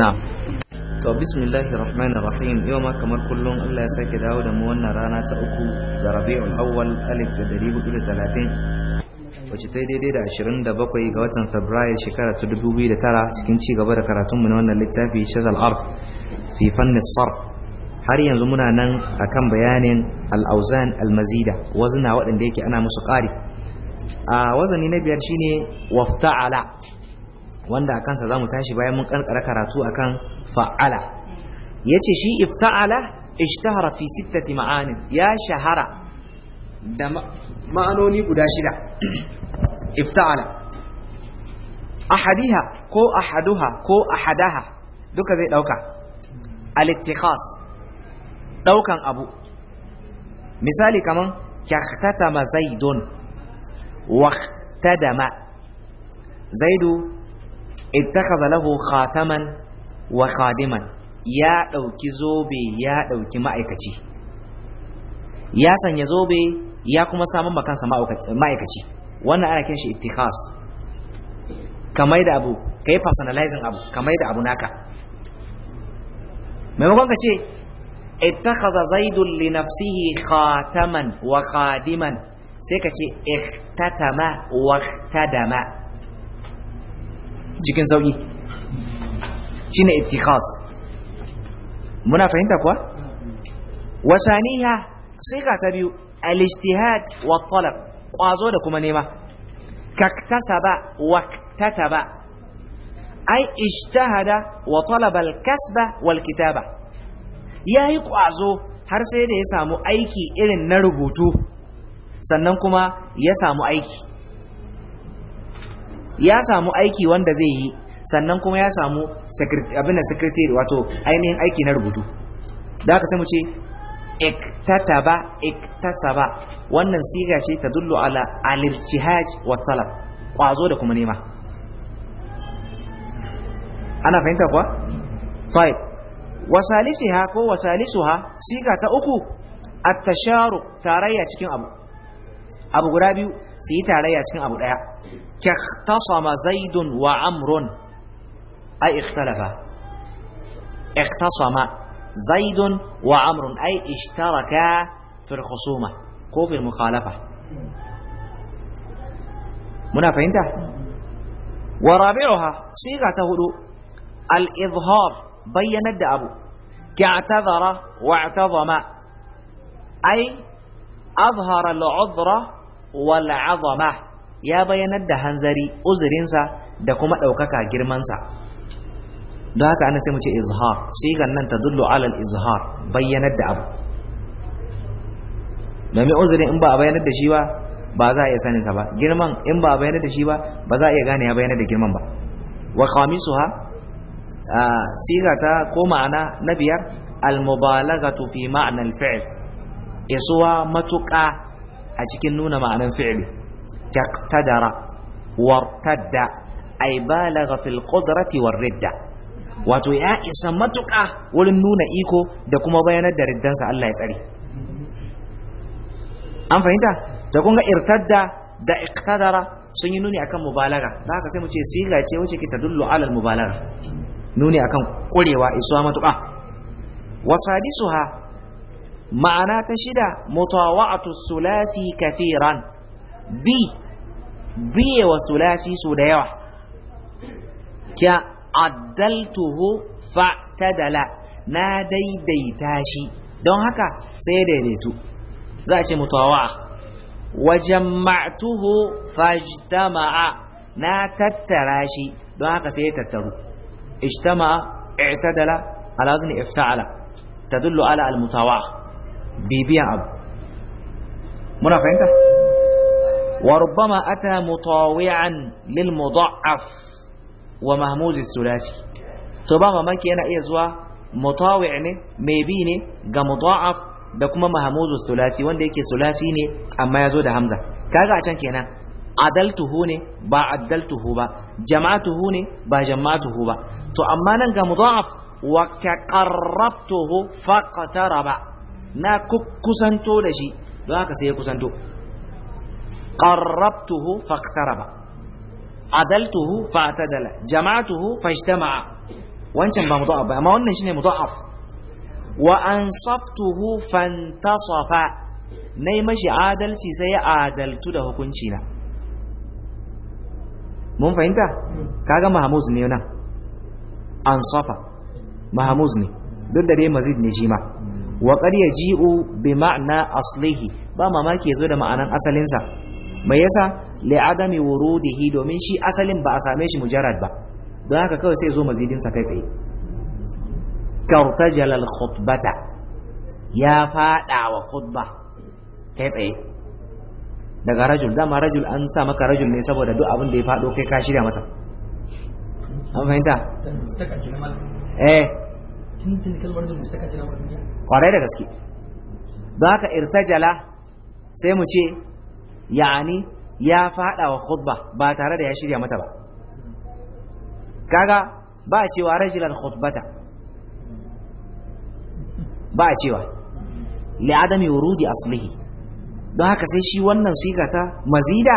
na'am to bismillahir rahmanir rahim yau ma kamar kullum Allah ya sake dawo da mu wannan rana ta uku ga Rabiul Awwal 1430 wacce ta daidai da 27 ga watan Fabrairu shekara ta 2009 cikin ci gaba da karatunmu na wannan littafi Shazal Arf fi sarf har yanzu muna nan akan bayanin al awzan al-mazida wazna waɗanda yake ana musu ƙari a wazani na biyar shine wafta'ala wanda a kansa za mu tashi bayan mun karkara karatu akan fa'ala ya ce shi ifta'ala ishtahara fi sittati ma'anin ya shahara da ma'anoni guda shida ifta'ala ahadiha ko ahaduha ko ahadaha duka zai dauka al-ittikhas daukan abu misali kaman yahtatama zaidun waqtadama zaidu ittakhadha lahu khataman wa khadiman ya dauki zobe ya dauki ma'aikaci ya sanya zobe ya kuma samun makansa ma'aikaci wannan ana kiran shi ittikhas kamar da abu kai personalizing abu kamar da abu naka maimakon ka ce ittakhadha zaidun li nafsihi khataman wa khadiman sai ka ce ihtatama wa ihtadama cikin sauki ne itikas muna fahimta kuwa wasaniha sai ka ta biyu alistihad wa talab kwazo da kuma nema ba. wa kataba ai ishtahada wa talabal kasba wal kitaba yayi ƙwazo har sai da ya samu aiki irin na rubutu sannan kuma ya samu aiki ya samu aiki wanda zai yi sannan kuma ya samu abin da secretary wato ainihin aiki na rubutu da aka samu ce iktataba iktasaba wannan siga ce ta dullo ala alirjihaj wa talab kwazo da kuma nema ana fahimta kuwa Fai. ha ko wasalisu ha siga ta uku a tasharu tarayya cikin abu abu guda biyu سيتا عليا تشين أبو الأيا كاختصم زيد وعمر أي اختلفا اختصم زيد وعمر أي اشتركا في الخصومة كو في المخالفة منافعين فهمت ورابعها صيغة تهدو الإظهار بين الدأب كاعتذر واعتظم أي أظهر العذر wal azama ya bayanar da hanzari uzurinsa da kuma ɗaukaka girmansa don haka ana sai mu ce izhar sigan nan ta dullu alal izhar bayyanar da abu domin uzurin in ba a bayanar da shi ba ba za a iya saninsa ba girman in ba a bayanar da shi ba ba za a iya gane ya bayanar da girman ba wa khamisuha siga ta ko ma'ana na biyar al-mubalaghatu fi ma'na al-fi'l isuwa matuƙa a cikin nuna ma'anan fi'li taqtadara wartadda ay balagha fil qudrati war ridda wato ya isa matuka wurin nuna iko da kuma bayanar da riddansa Allah ya tsare an fahimta da kun ga irtadda da iqtadara sun yi nuni akan mubalaga da haka sai mu ce siga ce wace ke tadullu al mubalaga nuni akan kurewa isuwa matuka wasadisuha ma'ana ta shida mutawa'atu sulasi kafiran bi biye wa sulasi su da yawa kya addaltuhu fa'tadala na daidaita shi don haka sai ya daidaitu za a ce mutawa'a wajen jama'tuhu fajtama'a na tattara shi don haka sai ya tattaru ijtama'a i'tadala ala ifta'ala tadullu ala al-mutawa'a bibiyan abu muna fahimta wa rubama ata mutawiyan lil mudaf wa mahmud sulasi to ba mamaki yana iya zuwa mutawi' ne mai bi ne ga mudaf da kuma mahmud sulasi wanda yake sulasi ne amma yazo da hamza kaga a can kenan adaltuhu ne ba tuhu ba jama'atuhu ne ba jama'atuhu ba to amma nan ga mudaf wa kaqarrabtuhu faqtaraba na kusanto da shi don haka sai ya kusanto qarrabtuhu faqtaraba adaltuhu fatadala jama'atuhu fajtama'a wancan ba mudaf ba amma wannan shine mudaf wa ansaftuhu fantasafa nayi mashi adalci sai ya adaltu da hukunci na mun fahimta kaga mahmuz ne nan ansafa mahmuz ne duk da dai mazid ne shi ma wa qad yaji'u bi ma'na aslihi ba mamaki yazo da ma'anan asalinsa mai yasa li adami wurudihi domin shi asalin ba a same shi mujarrad ba don haka kawai sai zo mazidin sa kai tsaye kartajal al khutbata ya fada wa khutba kai tsaye daga rajul dama rajul an sa maka rajul ne saboda duk abin da ya faɗo kai ka shirya masa an fahimta eh kwarai da gaske don haka irtajala sai mu ce ya'ani ya fada wa khutba ba tare da ya shirya mata ba kaga ba cewa rajulan khutbata ba cewa li adami wurudi aslihi don haka sai shi wannan siga ta mazida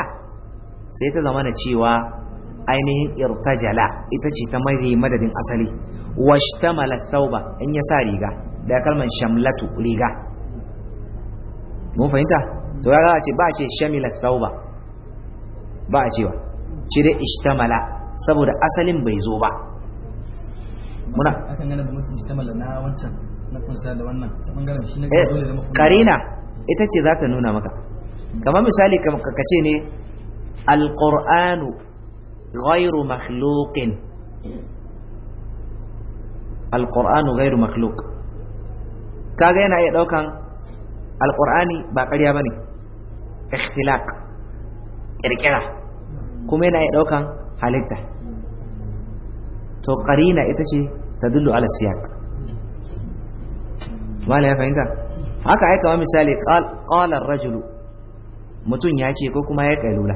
sai ta zama cewa ainihin irtajala ita ce ta mai madadin asali washtamalat sauba in ya sa riga da kalman shamlatu riga mun fahimta to ya ce ba ce shamila sauba ba a cewa ce dai ishtamala saboda asalin bai zo ba muna akan gane ishtamala na wancan na kunsa da wannan bangaren shi ne eh, dole zama karina ita ce za ta nuna maka kamar misali ka ce ne alqur'anu ghairu makhluqin alqur'anu makhluq kaga yana iya daukan alqur'ani ba ƙarya bane ikhtilaq kirkira kuma yana iya daukan halitta to qarina ita ce ta dullu ala siyaq wala ya fahimta haka ai kamar misali qala ar-rajulu mutum ya ce ko kuma ya kailula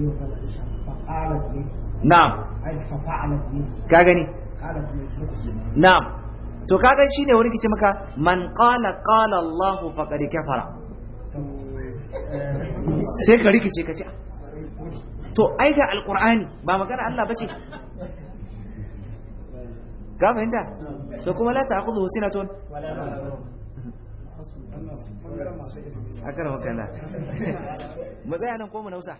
na'am ka gani na'am to kaga shine wani kici maka man qala qala Allah faqad kafara sai ka rikice ka ce to ai ga alqur'ani ba magana Allah bace ka fahimta to kuma la ta'khudhu sinatun akara wakala. mu tsaya nan ko mu nausa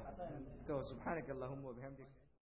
سبحانك اللهم وبحمدك